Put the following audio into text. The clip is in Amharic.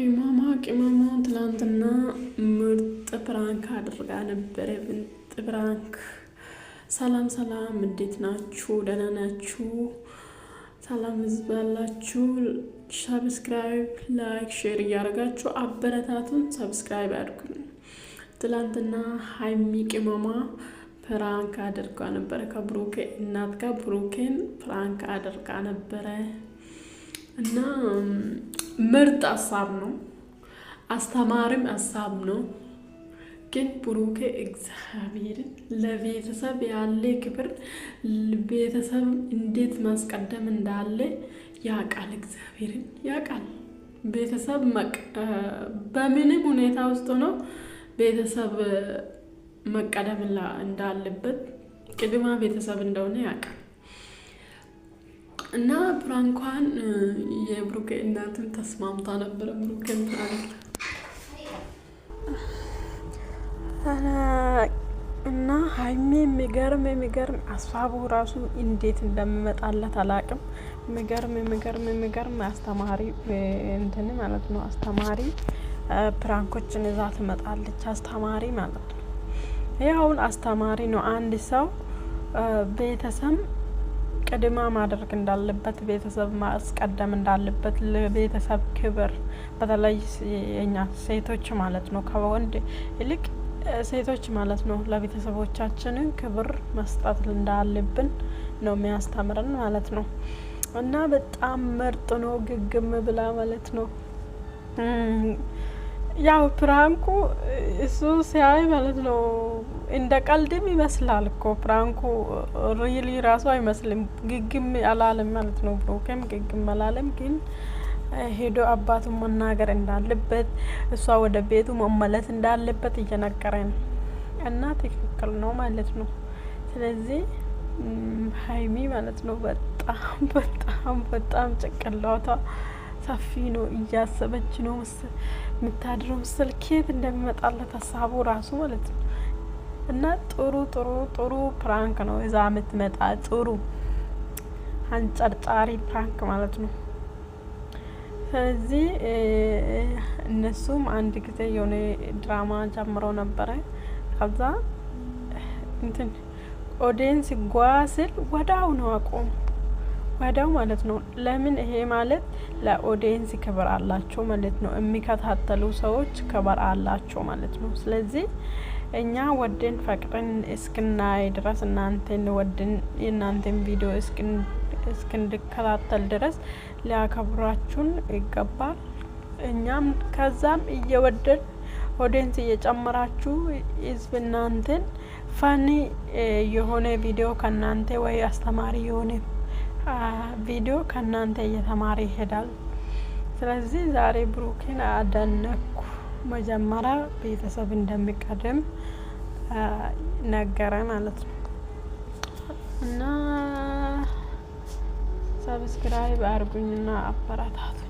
ቅመማ ቅመማ ትላንትና ምርጥ ፕራንክ አድርጋ ነበረ። ምርጥ ፕራንክ። ሰላም ሰላም፣ እንዴት ናችሁ? ደህና ናችሁ? ሰላም ህዝብ ያላችሁ ሰብስክራይብ፣ ላይክ፣ ሼር እያደረጋችሁ አበረታቱን። ሰብስክራይብ አድርጉ። ትላንትና ሀይሚ ቅመማ ፕራንክ አድርጋ ነበረ ከብሩኬ እናት ጋር ብሩኬን ፕራንክ አድርጋ ነበረ እና ምርጥ ሀሳብ ነው። አስተማሪም ሀሳብ ነው። ግን ብሩኬ እግዚአብሔርን ለቤተሰብ ያለ ክብር ቤተሰብ እንዴት ማስቀደም እንዳለ ያቃል እግዚአብሔርን ያቃል። ቤተሰብ በምንም ሁኔታ ውስጥ ነው ቤተሰብ መቀደም እንዳለበት ቅድማ ቤተሰብ እንደሆነ ያውቃል እና ፕራንኳን የብሩኬ እናትም ተስማምታ ነበረ። ብሩኬ እና ሀይሚ የሚገርም የሚገርም አስፋቡ ራሱ እንዴት እንደምመጣለት አላቅም። የሚገርም የሚገርም የሚገርም አስተማሪ እንትን ማለት ነው። አስተማሪ ፕራንኮችን እዛ ትመጣለች። አስተማሪ ማለት ነው። ይኸውን አስተማሪ ነው። አንድ ሰው ቤተሰብ ቅድማ ማድረግ እንዳለበት ቤተሰብ ማስቀደም እንዳለበት ለቤተሰብ ክብር በተለይ የኛ ሴቶች ማለት ነው ከወንድ ይልቅ ሴቶች ማለት ነው ለቤተሰቦቻችን ክብር መስጠት እንዳለብን ነው የሚያስተምረን ማለት ነው። እና በጣም ምርጥ ነው። ግግም ብላ ማለት ነው ያው ፕራንኩ እሱ ሲያይ ማለት ነው እንደ ቀልድም ይመስላል እኮ ፕራንኩ ሪሊ ራሱ አይመስልም። ግግም አላለም ማለት ነው። ብሩክም ግግም አላለም ግን ሄዶ አባቱ መናገር እንዳለበት እሷ ወደ ቤቱ መመለስ እንዳለበት እየነገረ ነው እና ትክክል ነው ማለት ነው። ስለዚህ ሀይሚ ማለት ነው በጣም በጣም በጣም ጭቅላቷ ሰፊ ነው። እያሰበች ነው የምታድረው ምስል ኬት እንደሚመጣለት ሀሳቡ ራሱ ማለት ነው። እና ጥሩ ጥሩ ጥሩ ፕራንክ ነው እዛ የምትመጣ ጥሩ አንጨርጫሪ ፕራንክ ማለት ነው። ስለዚህ እነሱም አንድ ጊዜ የሆነ ድራማ ጀምሮ ነበረ። ከዛ እንትን ኦዲየንስ ጓስል ወዳው ነው አቆሙ። ወዳው ማለት ነው። ለምን ይሄ ማለት ለኦዲየንስ ክብር አላቸው ማለት ነው። የሚከታተሉ ሰዎች ክብር አላቸው ማለት ነው። ስለዚህ እኛ ወድን ፈቅርን እስክናይ ድረስ እናንተን ወድን የእናንተን ቪዲዮ እስክንድከታተል ድረስ ሊያከብራችሁን ይገባል። እኛም ከዛም እየወደን ኦዲየንስ እየጨመራችሁ ህዝብ እናንተን ፈኒ የሆነ ቪዲዮ ከእናንተ ወይ አስተማሪ የሆነ ቪዲዮ ከእናንተ እየተማረ ይሄዳል። ስለዚህ ዛሬ ብሩኬን አደነኩ። መጀመሪያ ቤተሰብ እንደሚቀድም ነገረ ማለት ነው እና ሰብስክራይብ አርጉኝና አበረታቱ።